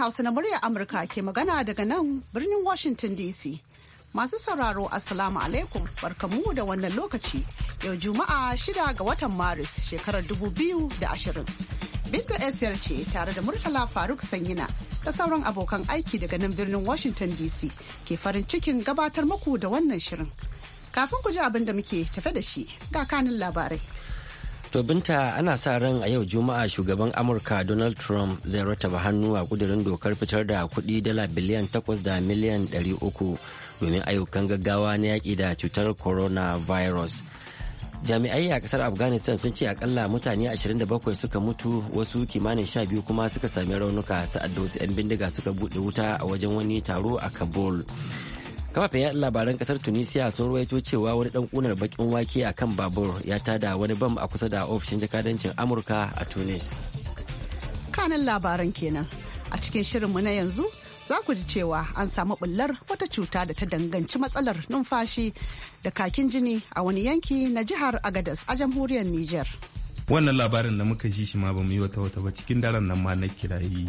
Hausa na murya Amurka ke magana daga nan birnin Washington DC. Masu sauraro Assalamu alaikum barkamu da wannan lokaci yau Juma'a shida ga watan Maris shekarar 2020. Binta Esiyar ce tare da Murtala Faruk Sanyina da sauran abokan aiki daga nan birnin Washington DC ke farin cikin gabatar muku da wannan shirin. Kafin ku ji abin da muke tafe da shi ga kanin labarai. To binta ana sa ran a yau juma'a shugaban Amurka Donald Trump zai rataba hannu a kudirin dokar fitar da kuɗi dala biliyan takwas da miliyan ɗari uku domin ayyukan gaggawa na yaƙi da cutar coronavirus. jami'ai a ƙasar afghanistan sun ce akalla mutane 27 suka mutu wasu kimanin 12 kuma suka sami raunuka sa'ad da wasu 'yan bindiga suka buɗe wuta a wajen wani taro a kabul kafafen yaɗa labaran kasar tunisia sun ruwaito cewa wani dan kunar bakin wake a kan babur ya tada wani bam a kusa da ofishin jakadancin amurka a tunis kanan labaran kenan a cikin shirinmu na yanzu za ku ji cewa an samu bullar wata cuta da ta danganci matsalar numfashi da kakin jini a wani yanki na jihar agadas a jamhuriyar niger wannan labarin da muka ji shi ma ba mu yi wata wata ba cikin daren nan ma na kirayi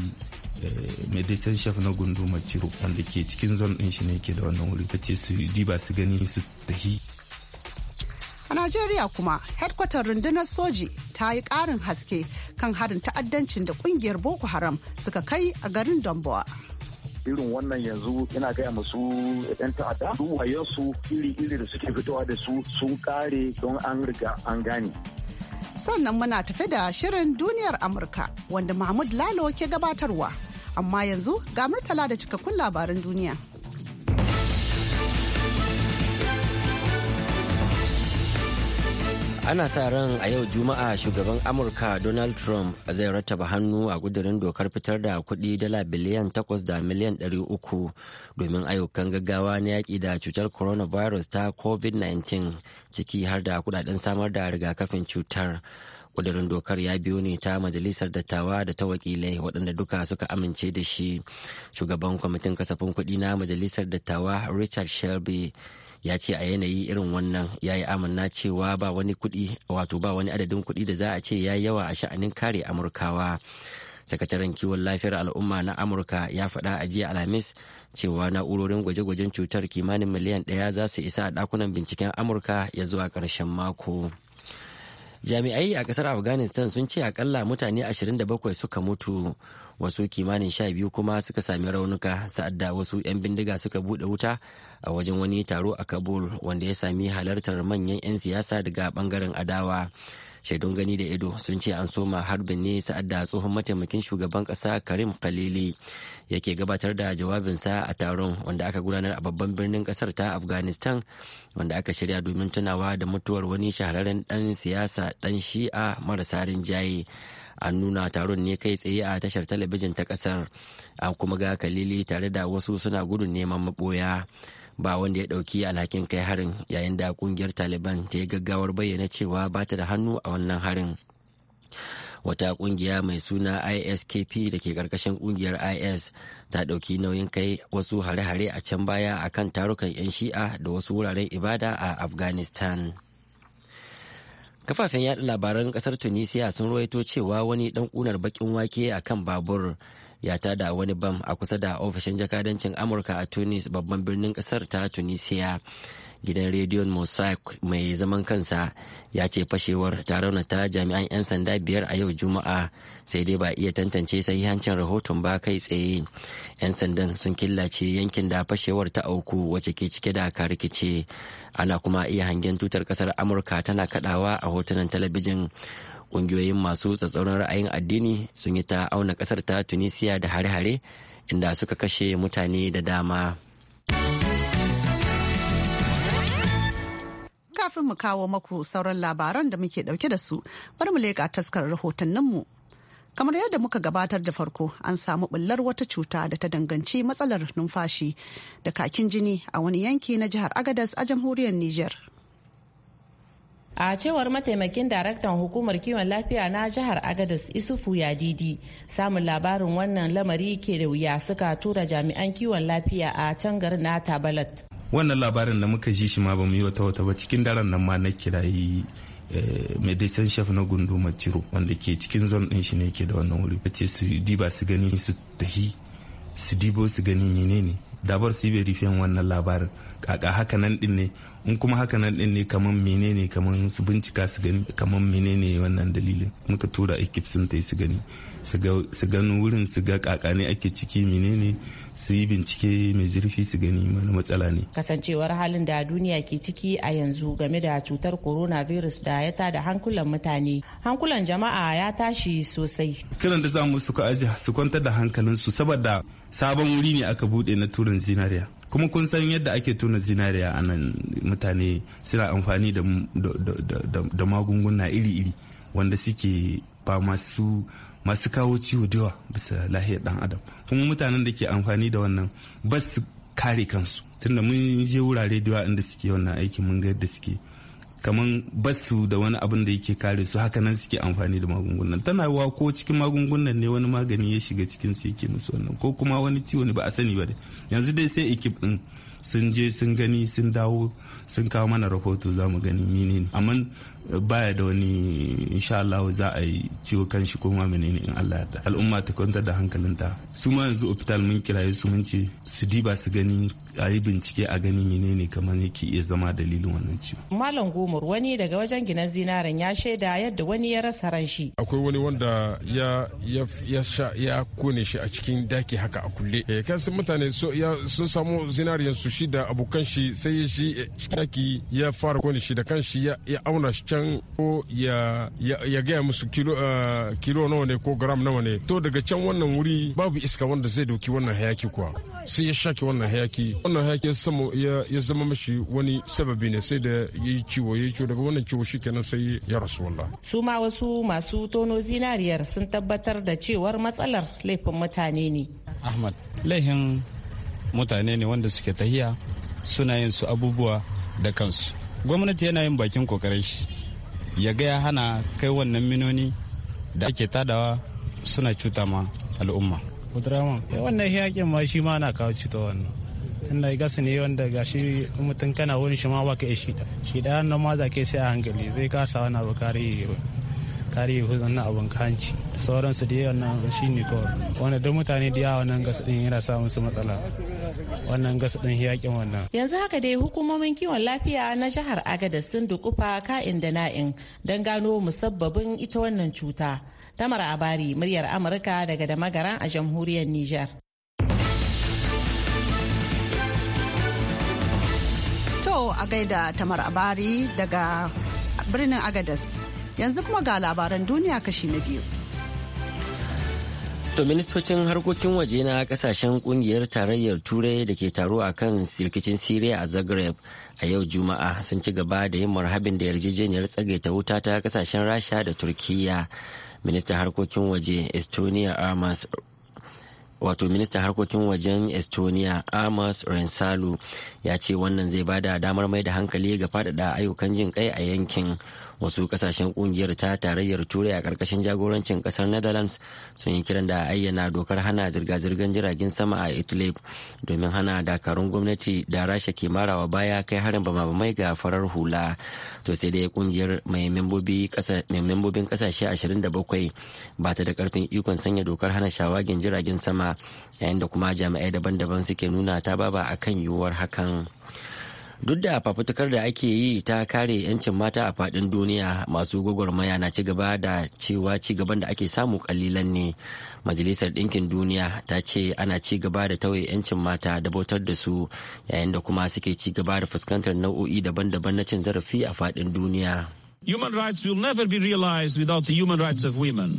Eh, medicine chef na gundu maciro wanda ke cikin zon din shi ne ke da wannan wuri ce su diba su gani su tahi a najeriya kuma headkwatar rundunar soji ta yi karin haske kan harin ta'addancin da kungiyar boko haram suka kai a garin donbawa. irin wannan yanzu yana gaya masu yan ta'adda su iri-iri da suke fitowa da su sun kare don an riga an gane sannan muna tafi da shirin duniyar amurka wanda mahmud lalo ke gabatarwa Amma yanzu ga murtala da cikakkun labaran duniya. ana sa ran a yau juma'a shugaban amurka donald trump zai rattaba hannu a gudurin dokar fitar da kudi dala biliyan takwas da miliyan uku domin ayyukan gaggawa na yaƙi da cutar coronavirus ta covid-19 ciki har da kudaden samar da rigakafin cutar kudirin dokar ya biyo ne ta majalisar dattawa da ta wakilai waɗanda duka suka amince da shi shugaban kwamitin kasafin kuɗi na majalisar dattawa richard shelby ya ce a yanayi irin wannan ya yi amanna cewa ba wani kuɗi wato ba wani adadin kuɗi da za a ce ya yawa a sha'anin kare amurkawa sakataren kiwon lafiyar al'umma na amurka ya faɗa a jiya alhamis cewa na'urorin gwaje-gwajen cutar kimanin miliyan ɗaya za su isa a ɗakunan binciken amurka ya zuwa ƙarshen mako. jami'ai a kasar afghanistan sun ce akalla mutane 27 suka mutu wasu kimanin sha biyu kuma suka sami raunuka sa'ad da wasu 'yan bindiga suka bude wuta a wajen wani taro a kabul wanda ya sami halartar manyan 'yan siyasa daga bangaren adawa shaidun gani da ido sun ce an soma harbin ne sa'ad da tsohon mataimakin shugaban kasa karim khalili yake gabatar da jawabinsa a taron wanda aka gudanar a babban birnin kasar ta afghanistan wanda aka shirya domin tunawa da mutuwar wani shahararren dan siyasa dan shi'a marasa rinjaye an nuna taron ne kai tsaye a tashar talabijin ta kasar an kuma ga kalili tare da wasu suna gudun neman maboya ba wanda ya dauki alhakin kai harin yayin da kungiyar taliban ta yi gaggawar bayyana cewa ba ta da hannu a wannan harin wata kungiya mai suna iskp da ke karkashin kungiyar is ta dauki nauyin kai wasu hare-hare a can baya akan tarukan 'yan shi'a da wasu wuraren ibada a afghanistan kafafen yada labaran kasar tunisia sun ruwaito cewa wani dan kunar bakin wake a kan babur ya tada wani bam a kusa da ofishin jakadancin amurka a tunis babban birnin kasar ta tunisia gidan rediyon mosaic mai zaman kansa ya ce fashewar ta raunata jami'an 'yan sanda biyar a yau juma'a sai dai ba iya tantance sahihancin rahoton ba kai tsaye 'yan sandan sun killace yankin da fashewar ta auku wacce ke cike da ka rikice ana kuma iya hangen tutar kasar amurka tana kadawa a hotunan talabijin Ƙungiyoyin masu tsatsauran ra'ayin addini sun yi ta auna kasar ta tunisia da hare-hare inda suka kashe mutane da dama. kafin mu kawo maku sauran labaran da muke dauke da su bar mu leƙa taskar rahotanninmu. Kamar yadda muka gabatar da farko an samu bullar wata cuta da ta danganci matsalar numfashi da kakin jini a wani yanki na jihar Agadas a jamhuriyar niger. a cewar mataimakin daraktan hukumar kiwon lafiya na jihar agadas isufu yadidi samun labarin wannan lamari ke da wuya suka tura jami'an kiwon lafiya a can garin na tabalat wannan labarin da muka ji shi ma ba mu yi wata wata ba cikin daren nan ma na kirayi eh, medecin chef na gunduma matiro wanda ke cikin zon din shi ne ke da wannan wuri ce su diba su gani su tahi su dibo su gani menene ne dabar su bai rufe wannan labarin kaka haka nan din ne in kuma haka nan din ne kaman ne kaman su bincika su gani kaman menene wannan dalilin muka tura ekip sun tai su gani su gano wurin su ga kakane ake ciki menene su yi bincike mai zurfi su gani mana matsala ne kasancewar halin da duniya ke ciki a yanzu game da cutar coronavirus da ya tada hankulan mutane hankulan jama'a ya tashi sosai kiran da za mu su aji su kwantar da hankalinsu saboda sabon wuri ne aka bude na turin zinariya kuma kun san yadda ake tona zinariya a nan mutane suna amfani da magunguna iri-iri wanda suke ba masu masu kawo ciwo da yawa bisa lahiyar dan adam kuma mutanen da ke amfani da wannan ba su kare kansu tunda mun je wurare da yawa inda suke wannan aikin mun ga yadda suke kaman su da wani abin da yake kare su haka nan suke amfani da magungunan tana yiwa ko cikin magungunan ne wani magani ya shiga cikin su yake musu wannan ko kuma wani ciwo ne ba a sani ba da yanzu dai sai ekip din sun je sun gani sun dawo sun kawo mana rahoto za mu gani menene amma baya da wani insha Allah za a yi ciwo kan shi koma menene in Allah yarda al'umma ta kwantar da hankalinta su ma yanzu hospital mun kiraye su mun ce su diba su gani a yi bincike a gani menene kamar yake iya zama dalilin wannan ciwo. Malam Gomar wani daga wajen ginan zinaren ya shaida yadda wani ya rasa ran shi. Akwai wani wanda ya ya sha ya kone shi a cikin daki haka a kulle. Eh sun mutane sun samu zinari su shi da abokan shi sai ya shi eh, daki ya fara kone shi da kanshi ya auna shi can ko ya ya gaya musu kilo eh, kilo nawa ne ko gram nawa ne. To daga can wannan wuri babu iska wanda zai doki wannan hayaki kuwa. Sai ya shaki wannan hayaki wannan haƙin sama ya zama mashi wani sababi ne sai da ya yi ciwo ya yi ciwo daga wannan ciwo shikenan sai ya rasu wallah su ma wasu masu tono zinariyar sun tabbatar da cewar matsalar laifin mutane ne ahmad laifin mutane ne wanda suke tahiya suna yin su abubuwa da kansu gwamnati yana yin bakin kokarin shi ya gaya ya hana kai wannan minoni da ake tadawa suna cuta ma al'umma wannan yakin ma shi ma na kawo cuta wannan inda gas ne wanda shi mutum kana wurin shi ma ba ka ishi shi da nan ma za ke sai a hankali zai kasa wani abu kare kare na abun kanci da sauransu da wannan shi ne kawai wanda duk mutane da yawa wannan gasa din yana samun su matsala wannan gasa din yakin wannan. Yanzu haka dai hukumomin kiwon lafiya na jihar Agada sun dukufa ka'in da na'in don gano musabbabin ita wannan cuta. Tamar Abari, muryar Amurka daga da magaran a jamhuriyar Nijar. To a gaida Tamar Abari daga birnin Agadas. Yanzu kuma ga labaran duniya kashi na biyu. To ministocin harkokin waje na kasashen kungiyar tarayyar turai da ke taro a kan sirkicin Siriya a Zagreb a yau Juma'a sun ci gaba da yin marhabin da yarjejeniyar tsagaita wuta ta kasashen Rasha da Turkiyya. Ministan harkokin waje Estonia Armas wato ministan harkokin wajen Estonia Armas Rensalu ya ce wannan zai ba da damar mai da hankali ga faɗaɗa ayyukan jin kai a yankin wasu kasashen ƙungiyar ta tarayyar turai a ƙarƙashin jagorancin ƙasar netherlands sun yi kiran da ayyana dokar hana zirga-zirgar jiragen sama a italy domin hana dakarun gwamnati da rasha ke marawa baya kai harin bama mai ga farar hula to sai dai kungiyar mai membobin ƙasashe 27 ba ta da ƙarfin ikon sanya dokar hana shawagin jiragen sama yayin da kuma jami'ai daban-daban suke nuna ta baba akan yiwuwar hakan Mm. duk da fafutukar da ake yi ta kare 'yancin mata a faɗin duniya masu gwagwarmaya na ci gaba da cewa ci gaban da ake samu kalilan ne majalisar ɗinkin duniya ta ce ana ci gaba da tauye 'yancin mata da bautar da su yayin da kuma suke ci gaba da fuskantar nau'o'i daban-daban na cin zarafi a faɗin duniya human rights will never be realized without the human rights of women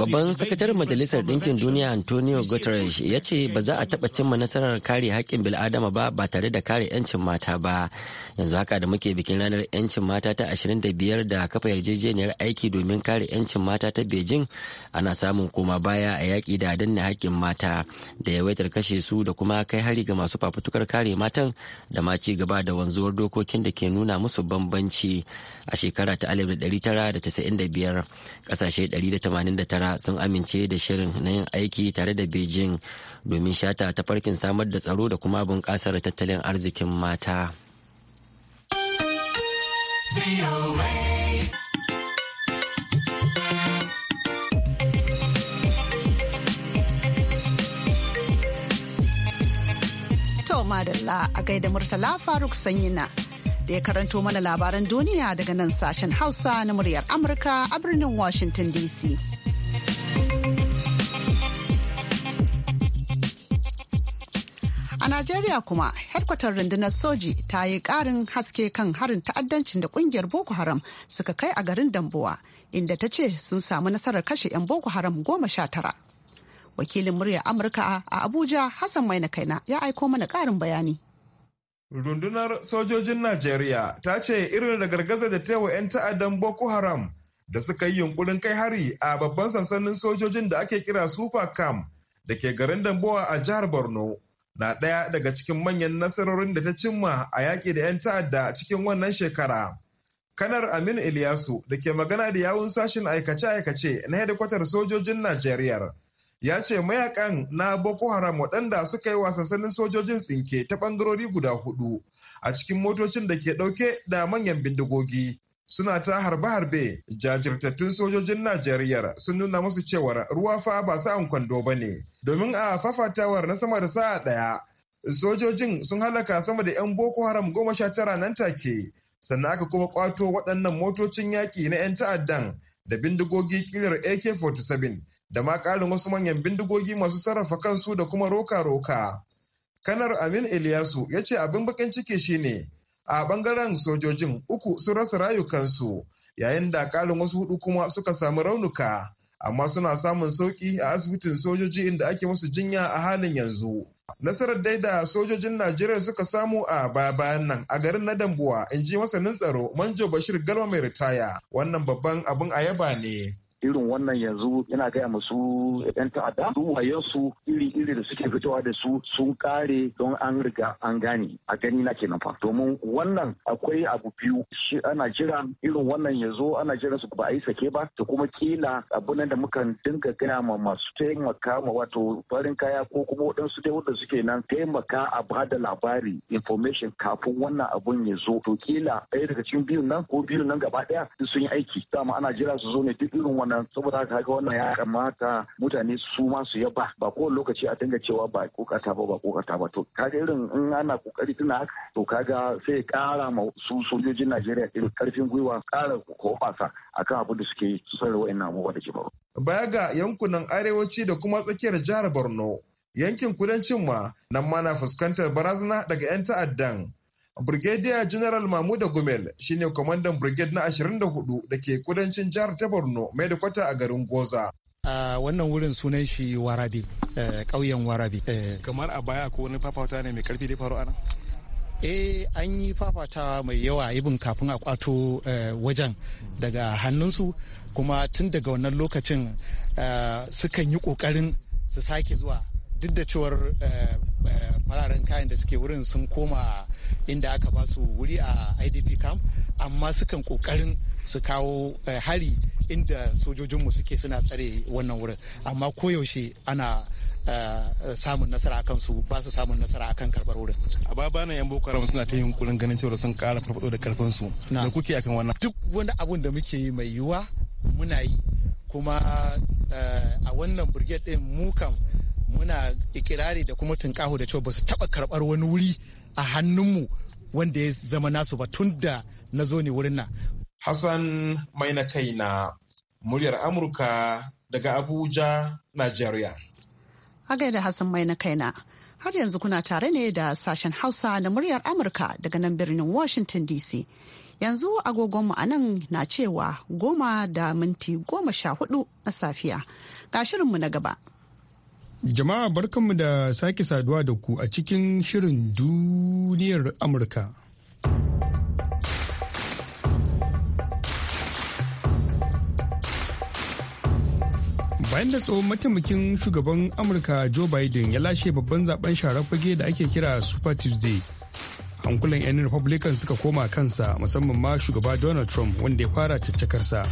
Babban sakataren Majalisar Ɗinkin Duniya Antonio Guterres ya ce ba za a taɓa cimma nasarar kare haƙƙin bil'adama ba ba tare da kare 'yancin mata ba. Yanzu haka da muke bikin ranar 'yancin mata ta 25 da kafa yarjejeniyar aiki domin kare 'yancin mata ta Beijing ana samun koma baya a yaƙi da danna haƙƙin mata da yawaitar kashe su da kuma kai hari ga masu fafutukar kare matan da ma ci gaba da wanzuwar dokokin da ke nuna musu bambanci a shekara ta 1900 195 kasashe 189 sun amince da shirin na yin aiki tare da beijing domin shata tafarkin samar da tsaro da kuma bunƙasar tattalin arzikin mata. Madalla a gaida Murtala Faruk Sanyina da ya karanto mana labaran duniya daga nan sashen Hausa na muryar Amurka a birnin Washington DC. A Najeriya kuma, headkwatar rundunar soji ta yi ƙarin haske kan harin ta'addancin da ƙungiyar Boko Haram suka kai a garin Dambuwa, inda ta ce sun samu nasarar kashe 'yan Boko Haram goma sha tara. Wakilin Murya Amurka a Abuja, Hassan Maina ya aiko mana ƙarin bayani. rundunar sojojin najeriya ta ce irin da gargaza da tewa 'yan ta'addan boko haram da suka yi yunkurin kai hari a babban sansanin sojojin da ake kira super camp da ke garin damboa a jihar borno na ɗaya daga cikin manyan nasarorin da ta cimma a yaƙi da 'yan ta'adda cikin wannan shekara kanar aminu iliyasu da ke magana da yawun sashin aikace-aikace na hedikwatar sojojin najeriya ya ce mayakan na boko haram waɗanda suka yi wasassanin sojojin tsinke ta ɓangarori guda hudu a cikin motocin da ke ɗauke da manyan bindigogi suna ta harbe-harbe jajirtattun sojojin najeriya sun nuna musu cewar ruwa fa ba sa'an kwando ba ne domin a fafatawar na sama da sa'a ɗaya sojojin sun halaka sama da 'yan boko haram goma sha tara nan take sannan aka kuma kwato waɗannan motocin yaƙi na 'yan ta'addan da bindigogi kilar ak-47 da ma ƙarin wasu manyan bindigogi masu sarrafa kansu da kuma roka-roka. Kanar Amin Iliyasu ya ce abin bakin ciki shine a bangaren sojojin uku sun rasa rayukansu yayin da ƙarin wasu hudu kuma suka samu raunuka amma suna samun sauki a asibitin sojoji inda ake musu jinya a halin yanzu. Nasarar dai da sojojin Najeriya suka samu a baya bayan nan a garin na Dambuwa in ji masanin tsaro Manjo Bashir Galma mai ritaya wannan babban abin a yaba ne. irin wannan yanzu yana gaya musu yan ta'adda su iri-iri da suke fitowa da su sun kare don an riga an gane a gani na kenan fa domin wannan akwai abu biyu shi ana jira irin wannan yanzu ana jira su ba a yi sake ba da kuma kila abunan da mukan dinga gaya ma masu taimaka ma wato farin kaya ko kuma waɗansu dai wanda suke nan taimaka a ba da labari information kafin wannan abun ya zo to kila ɗaya daga cikin biyun nan ko biyun nan gaba ɗaya sun yi aiki dama ana jira su zo ne duk irin wannan wannan saboda haka ga wannan ya kamata mutane su ma su yaba ba ko lokaci a dinga cewa ba kokata ba ba kokata ba to kaga irin in ana kokari tuna haka to kaga sai kara ma su sojojin Najeriya irin karfin gwiwa kara kofasa akan abin da suke yi su sanar wa'annan abubuwa da ke faru baya ga yankunan arewaci da kuma tsakiyar jihar Borno yankin kudancin ma nan ma na fuskantar barazana daga 'yan ta'addan Brigadier General Mahmuda Gumel shine kwamandan brigade na 24 da ke kudancin jihar ta Borno mai da kwata a garin Goza. a uh, wannan wurin sunan shi warabi eh, ƙauyen uh, warabi uh, kamar a baya ko wani fafata ne mai karfi da faru ana? eh an yi fafata mai yawa ibin kafin a kwato eh, wajen daga hannunsu kuma tun daga wannan lokacin sukan yi ƙoƙarin su sake zuwa duk da cewar eh, eh, fararen kayan da suke wurin sun koma inda aka ba su wuri a idp camp amma sukan kokarin su kawo eh, hari inda sojojinmu suke suna tsare wannan wurin amma koyaushe ana samun nasara akan su ba su samun nasara akan karbar wurin a baba na yan boko haram suna ta yunkurin ganin cewa sun kara farfado da karfin su da kuke akan wannan duk wani abun da muke yi mai yiwuwa muna yi kuma a wannan burgiyar din mu kam muna ikirari da kuma tunƙaho da cewa ba su taɓa karɓar wani wuri a hannunmu wanda ya zama nasu ba tun da na zo ne wurin nan. Hassan mai na kai na muryar Amurka daga Abuja, Najeriya. Hagai da Hassan mai na kai na. Har yanzu kuna tare ne da sashen Hausa na muryar Amurka daga nan birnin Washington DC. Yanzu agogonmu a nan na cewa goma da minti goma sha hudu na safiya. Ga shirinmu na gaba. Jama'a barkanmu da sake saduwa da ku a cikin shirin duniyar Amurka. Bayan da tsohon mataimakin shugaban Amurka Joe Biden ya lashe babban zaben sharar fage da ake kira Super Tuesday. Hankulan 'yan Republican suka koma kansa musamman ma shugaba Donald Trump wanda ya fara caccakarsa.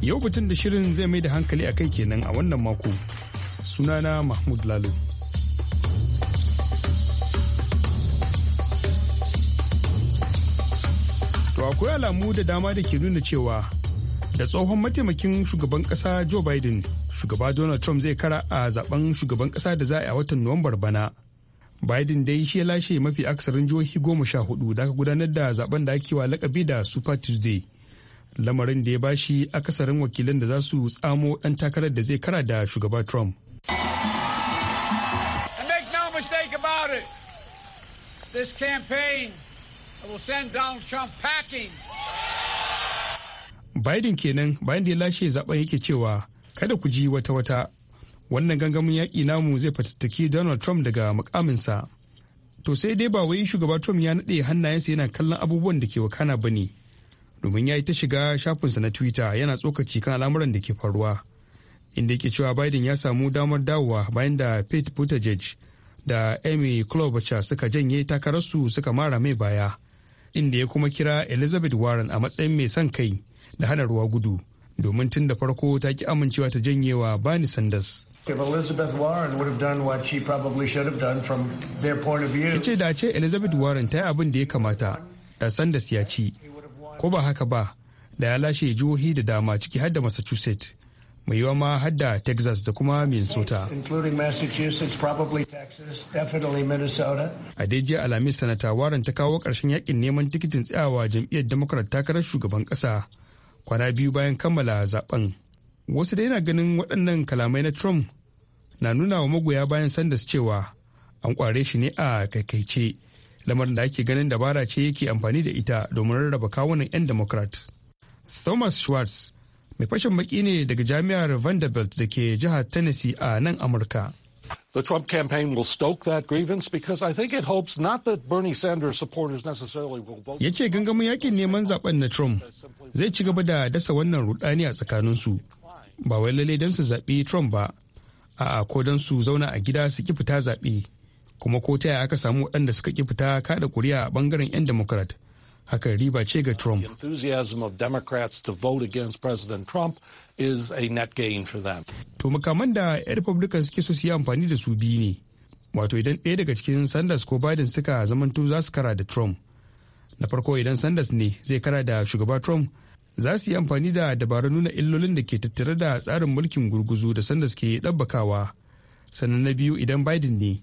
Yau batun da shirin zai mai da hankali a kai kenan a wannan mako. sunana mahmud lalo to akwai alamu da dama da ke nuna cewa da tsohon mataimakin shugaban kasa joe biden shugaba donald trump zai kara a zaben shugaban kasa da za a watan nuwambar bana biden dai shi ya lashe mafi aksarin jihohi goma sha hudu da aka gudanar da zaben da ake wa lakabi da super tuesday lamarin da ya bashi akasarin wakilan da za su tsamo dan takarar da zai kara da shugaba trump And make no mistake about it, this campaign will send Donald Trump packing. Biden kenan bayan da ya lashe zaben yake cewa kada ku ji wata-wata wannan gangamin yaƙi namu zai fatattaki Donald Trump daga mukaminsa. To sai dai ba wai shugaba Trump ya naɗe hannayensa yana kallon abubuwan da ke wakana ba ne. Domin ya yi ta shiga shafinsa na Twitter yana tsokaci kan al'amuran da ke faruwa. inda yake cewa biden ya samu damar dawowa bayan da pete buttigieg da amy klobuchar suka janye takararsu suka mara mai baya inda ya kuma kira elizabeth warren a matsayin mai son kai da hana ruwa gudu domin tun da farko ta ki amincewa ta janyewa bani sanders ce da ce elizabeth warren ta yi abin da ya kamata da sanders ya ci ko ba haka ba da ya lashe jihohi da dama ciki har da massachusetts mai yiwa ma hadda texas da kuma minnesota a daidai alhamis sanata warren ta kawo ƙarshen yakin neman tikitin tsayawa jam'iyyar democrat takarar shugaban ƙasa kwana biyu bayan kammala zaben wasu da yana ganin waɗannan kalamai na trump na nuna wa magoya bayan sanders cewa an kware shi ne a kaikaice lamarin da ake ganin dabara ce yake amfani da ita domin rarraba kawunan 'yan democrat thomas schwartz mai fashin baki ne daga jami'ar vanderbilt da ke jihar tennessee a nan amurka The Trump campaign will stoke that grievance because I think it hopes not that Bernie Sanders supporters necessarily will vote. Yace gangamin yakin neman zaben na Trump zai ci gaba da dasa wannan rudani a tsakanin su Ba wai lalle dan su zaɓi Trump ba, a'a ko dan su zauna a gida su ki fita zaɓe. Kuma ko ta aka samu waɗanda suka ki fita kaɗa kuri'a a bangaren 'yan Democrat hakan riba ce ga Trump. To makaman da 'yan Republican suke so su yi amfani da su biyu ne. Wato idan ɗaya daga cikin Sanders ko Biden suka zamanto za su kara da Trump. Na farko idan Sanders ne zai kara da shugaba Trump za su yi amfani da dabarun nuna illolin da ke tattare da tsarin mulkin gurguzu da Sanders ke ɗabbakawa. Sannan na biyu idan Biden ne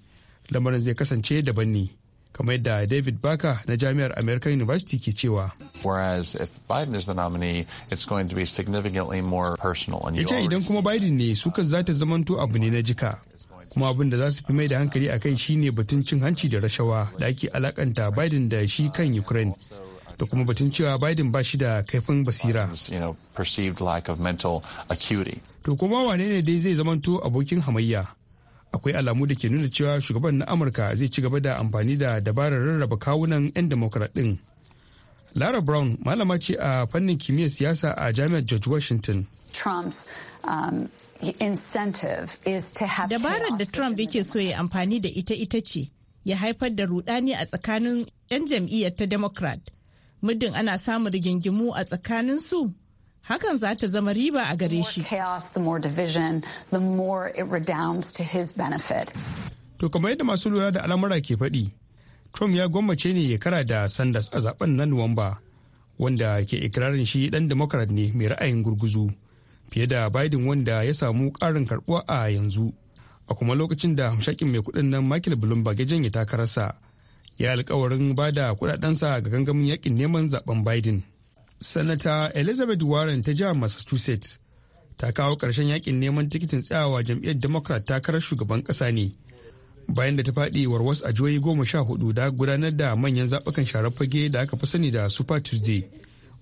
lamarin zai kasance daban ne. kamar yadda david baka na jami'ar american university ke cewa if is be significantly ita idan kuma biden ne suka zata ta zamanto abu ne na jika kuma abin da za su fi mai da hankali akai ne batun cin hanci da rashawa da ake alakanta biden da shi kan ukraine da kuma batun cewa biden ba shi da kaifin basira to kuma wane ne dai zai zamanto abokin hamayya akwai alamu da ke nuna cewa shugaban na amurka zai ci gaba da amfani da dabarar rarraba kawunan 'yan demokrat din lara brown malama ce a fannin kimiyyar siyasa a jami'ar george washington Trump's um, Dabarar da Trump yake so ya amfani da ita ita ce ya haifar da rudani a tsakanin 'yan jam'iyyar ta Democrat. Muddin ana samun rigingimu a tsakanin su hakan za ta zama riba a gare shi. To kamar yadda masu lura da al'amura ke faɗi, Trump ya gwammace ne ya kara da Sanders a zaben na Nuwamba, wanda ke ikirarin shi ɗan Democrat ne mai ra'ayin gurguzu, fiye da Biden wanda ya samu ƙarin karɓuwa a yanzu. A kuma lokacin da hamshakin mai kuɗin nan Michael Bloomberg ya janye takararsa, ya alkawarin ba da kuɗaɗensa ga gangamin yakin neman zaben Biden. sanata elizabeth warren ta jihar massachusetts ta kawo ƙarshen yakin neman tikitin tsayawa jam'iyyar democrat takarar shugaban ƙasa ne bayan da ta faɗi warwas a joyi goma sha hudu da gudanar da manyan zaɓukan sharar fage da aka fi sani da super tuesday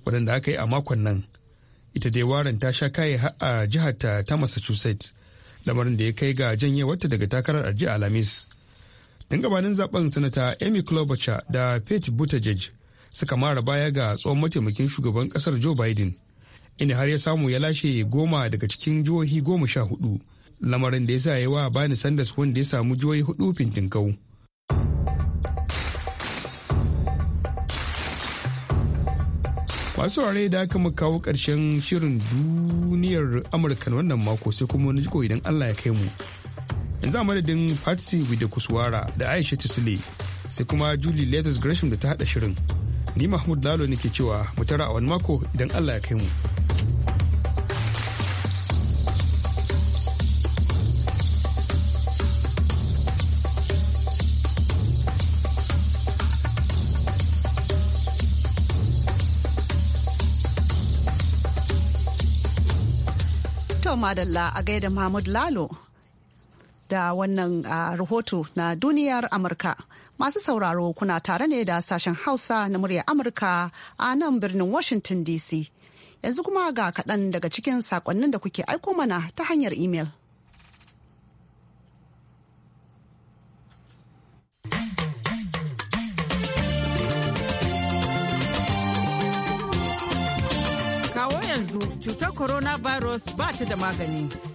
waɗanda aka yi a makon nan ita dai warren ta sha kaye har a jiharta ta massachusetts lamarin da ya kai ga janyewarta daga takarar arji alhamis don gabanin zaben sanata amy klobuchar da pete buttigieg suka mara baya ga tsohon mataimakin shugaban kasar joe biden inda har ya samu ya lashe goma daga cikin jihohi goma sha hudu lamarin da ya sa yawa bani sanders wanda ya samu jihohi hudu fintinkau masu ware da aka mu kawo karshen shirin duniyar amurka wannan mako sai kuma wani jiko idan allah ya kai mu yanzu a madadin patsy da kuswara da aisha tisle sai kuma julie letters gresham da ta hada shirin ni mahmud lalo ke cewa mu a wani mako idan allah ya kai mu madalla a gaida mahmud lalo da wannan ah, rahoto na duniyar amurka Masu sauraro kuna tare ne da sashen Hausa na murya Amurka a nan birnin Washington DC. Yanzu kuma ga kaɗan daga cikin saƙonnin da kuke aiko mana ta hanyar imel. Kawo yanzu cutar coronavirus ba ta da magani.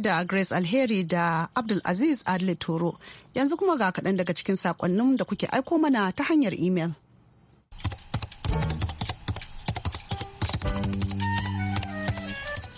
da Grace Alheri da Abdul Aziz Adli Toro. Yanzu kuma ga kaɗan daga cikin saƙonnin da kuke aiko mana ta hanyar imel.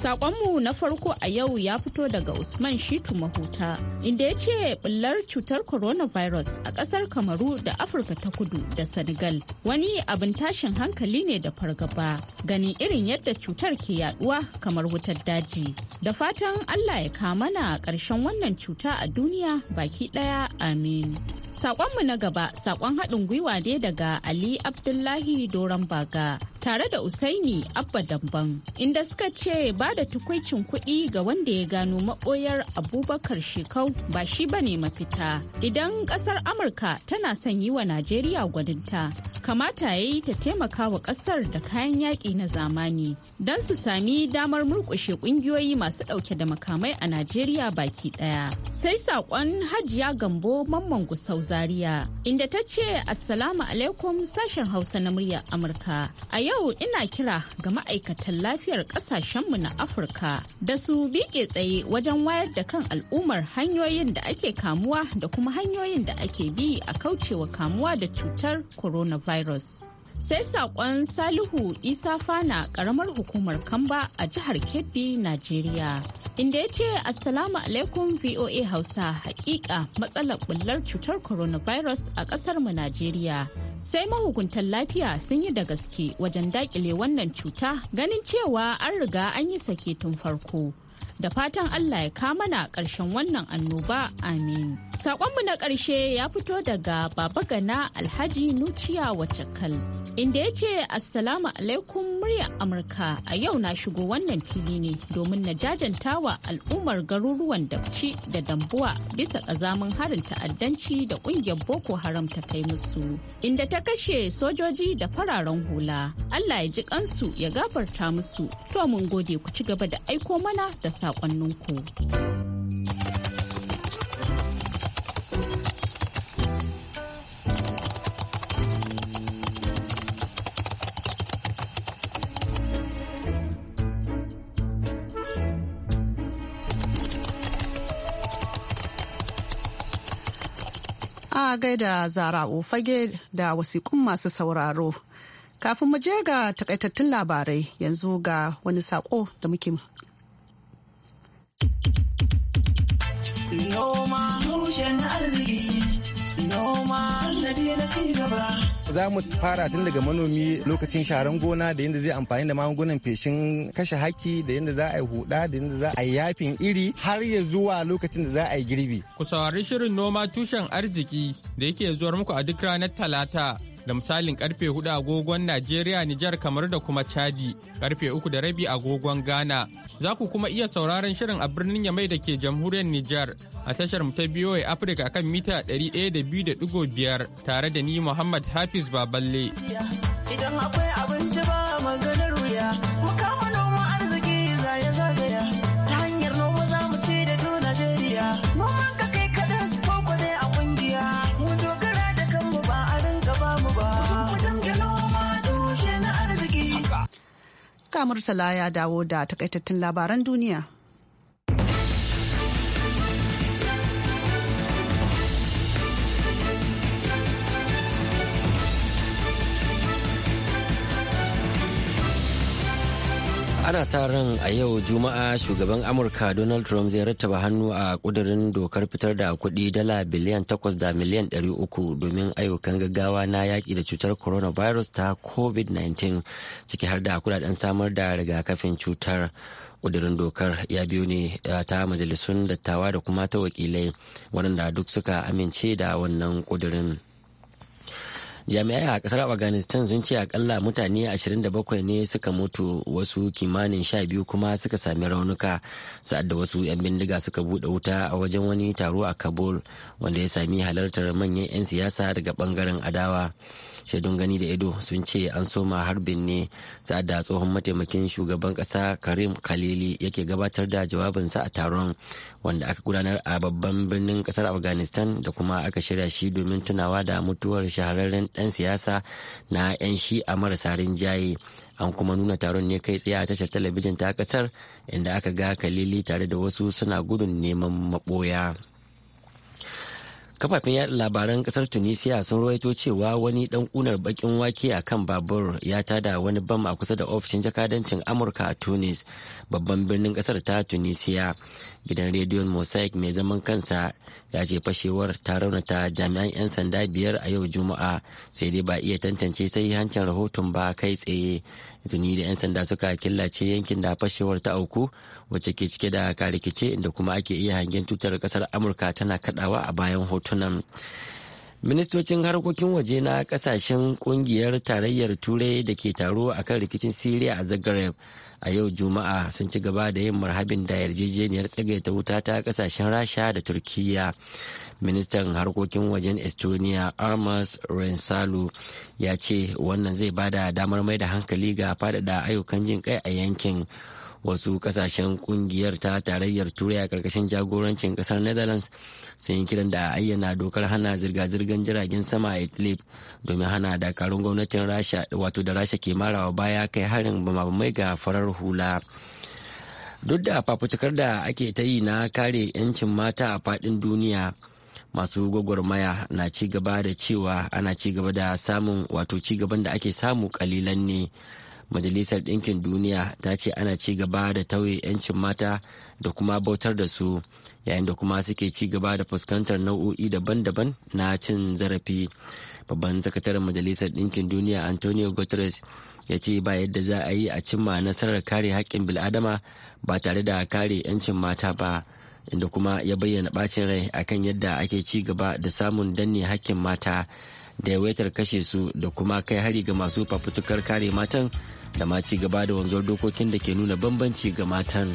Sakonmu na farko a yau ya fito daga Usman Shitu Mahuta, inda ya ce bullar cutar coronavirus a ƙasar Kamaru da Afirka ta kudu da Senegal wani abin tashin hankali ne da fargaba ganin irin yadda cutar ke yaduwa kamar wutar daji. Da fatan Allah ya kamana ƙarshen wannan cuta a duniya baki ɗaya amin. Sakonmu na gaba sakon haɗin gwiwa ne daga Ali Abdullahi Doron Baga tare da Usaini Abba Damban inda suka ce ba da tukwicin kuɗi ga wanda ya gano maɓoyar Abubakar Shekau ba shi ba ne mafita. Idan ƙasar Amurka tana son yi wa Najeriya gwaninta, kamata ya yi ta taimaka wa ƙasar da kayan yaƙi na zamani don su sami damar murƙushe ƙungiyoyi masu ɗauke da makamai a Najeriya baki ɗaya. Sai saƙon Hajiya Gambo Mamman Gusau Zaria inda ta ce Assalamu alaikum sashen Hausa na muryar Amurka. A yau ina kira ga ma'aikatan lafiyar ƙasashenmu na Afirka da su biƙe tsaye wajen wayar da kan al'ummar hanyoyin da ake kamuwa da kuma hanyoyin da ake bi a kaucewa kamuwa da cutar coronavirus. sai sakon salihu isa fana karamar hukumar kamba a jihar kebbi Nigeria inda ya ce assalamu alaikum voa hausa hakika matsalar bullar cutar coronavirus a kasar mu najeriya sai mahukuntan lafiya sun yi da gaske wajen dakile wannan cuta ganin cewa an riga an yi sake tun farko da fatan allah ya kamana karshen wannan annoba amin Sakonmu na ƙarshe ya fito daga Baba Gana Alhaji Nuciya Wacakal. Inda ya ce Assalamu alaikum muryar Amurka a yau na shigo wannan fili ne domin na jajanta wa al'ummar garuruwan Dabci da Dambuwa bisa ƙazamin harin ta'addanci da ƙungiyar Boko Haram ta kai musu. Inda ta kashe sojoji da fararen hula. Allah ya ji kansu ya gafarta musu. To mun gode ku ci gaba da aiko mana da saƙonninku. a gaida zara fage da wasikun masu sauraro. Kafin mu je ga takaitattun labarai yanzu ga wani sako da muke Noma, arziki, noma, na ci gaba. za mu fara tun daga manomi lokacin sharan gona da yadda zai amfani da magungunan feshin kashe haki da yadda za a yi huda da yadda za a yi yafin iri har ya zuwa lokacin da za a yi girbi. Ku saurari shirin noma tushen arziki da yake zuwar muku a duk ranar talata da misalin karfe hudu agogon Najeriya, Nijar, kamar da kuma Chadi, karfe uku da rabi agogon Ghana. Za ku kuma iya sauraron shirin a birnin Yamai da ke jamhuriyar Nijar a tashar mu ta BOA Africa kan mita 102.5 tare da ni Muhammad Hafiz Baballe. Idan akwai abinci ba maganar wuya, mu kama noma arziki zaya zagaya, ta hanyar noma za mu ce da to Najeriya. Noman ka kai kaɗan koko ne a ƙungiya mu dogara da kanmu ba a rinka ba mu ba. Kamar Tala ya dawo da takaitattun labaran duniya. ana sa ran a yau juma'a shugaban amurka donald trump zai rattaba hannu a kudurin dokar fitar da kuɗi dala biliyan takwas da miliyan uku domin ayyukan gaggawa na yaƙi da cutar coronavirus ta covid-19 ciki har da kudaden samar da rigakafin cutar kudirin dokar ya biyo ne ta majalisun dattawa da kuma ta wakilai waɗanda duk suka amince da wannan kudirin. jami'ai a kasar afghanistan sun ce akalla mutane 27 ne suka mutu wasu kimanin 12 kuma suka sami raunuka sa'ad da wasu 'yan bindiga suka bude wuta a wajen wani taro a kabul wanda ya sami halartar manyan 'yan siyasa daga bangaren adawa shaidun gani da ido sun ce an soma harbin ne da tsohon mataimakin shugaban kasa karim khalili yake gabatar da jawabinsa a taron wanda aka gudanar a babban birnin kasar afghanistan da kuma aka shirya shi domin tunawa da mutuwar shahararren dan siyasa na 'yan shi a marasa rinjaye an kuma nuna taron ne kai tsaye a tashar talabijin ta kasar inda aka ga kalili tare da wasu suna gudun neman maboya. kafafen yada labaran kasar tunisia sun rawaito cewa wani dan kunar bakin wake a kan babur ya tada wani bam a kusa da ofishin jakadancin amurka a tunis babban birnin kasar ta tunisia gidan rediyon mosaic mai zaman kansa ya ce fashewar ta raunata jami'an 'yan sanda biyar a yau juma'a sai dai ba iya tantance sai hancin rahoton ba kai tsaye tuni da 'yan sanda suka killace yankin da fashewar ta auku wacce ke cike da karikice inda kuma ake iya hangen tutar kasar amurka tana kadawa a bayan hotunan ministocin harkokin waje na kasashen kungiyar tarayyar turai da ke taro a kan rikicin siriya a zagreb a yau juma'a sun ci gaba da yin marhabin da yarjejeniyar tsagaita wuta ta kasashen rasha da turkiya ministan harkokin wajen estonia armas rensalu ya ce wannan zai bada damar mai da hankali ga faɗaɗa ayyukan jin kai a yankin wasu kasashen kungiyar ta tarayyar turai a karkashin jagorancin kasar netherlands sun yi kiran da ayyana dokar hana zirga-zirgar jiragen sama a italy domin hana dakarun gwamnatin rasha wato da rasha ke marawa baya kai harin mai ga farar hula duk da fafutukar da ake ta yi na kare 'yancin mata a faɗin duniya masu gwagwarmaya na ci gaba da cewa ana ci gaba da samun wato ci gaban da ake samu kalilan ne majalisar ɗinkin duniya ta ce ana ci gaba da tauye 'yancin mata da kuma bautar da su yayin da kuma suke ci gaba da fuskantar nau'o'i daban-daban na cin zarafi babban sakataren majalisar ɗinkin duniya antonio guterres ya ce ba yadda za a yi a cimma nasarar kare haƙƙin bil'adama ba tare da kare 'yancin mata ba inda kuma ya bayyana bacin rai akan yadda ake ci gaba da samun danne haƙƙin mata da yawaitar kashe su da kuma kai hari ga masu fafutukar kare matan da ma ci gaba da wanzuwar dokokin da ke nuna bambanci ga matan.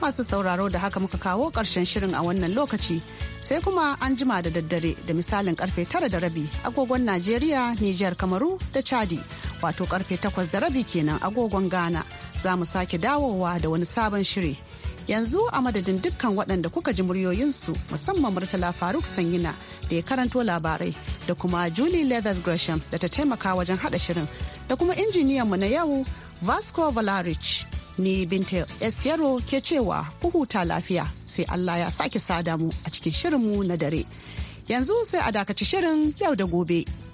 Masu sauraro da haka muka kawo ƙarshen shirin a wannan lokaci sai kuma an jima da daddare da misalin karfe tara da rabi agogon Najeriya, Nijar, Kamaru da Chadi wato karfe takwas da rabi kenan agogon Ghana za mu sake dawowa da wani sabon shiri. yanzu a madadin dukkan waɗanda kuka ji muryoyinsu musamman murtala faruk sanyina da ya karanto labarai da kuma julie leathers gresham da ta taimaka wajen haɗa shirin da kuma injiniyanmu na yau vasco valarich ni binta yaro ke cewa kuhuta lafiya sai allah ya sake sada mu a cikin shirinmu na dare yanzu sai a dakaci shirin yau da gobe.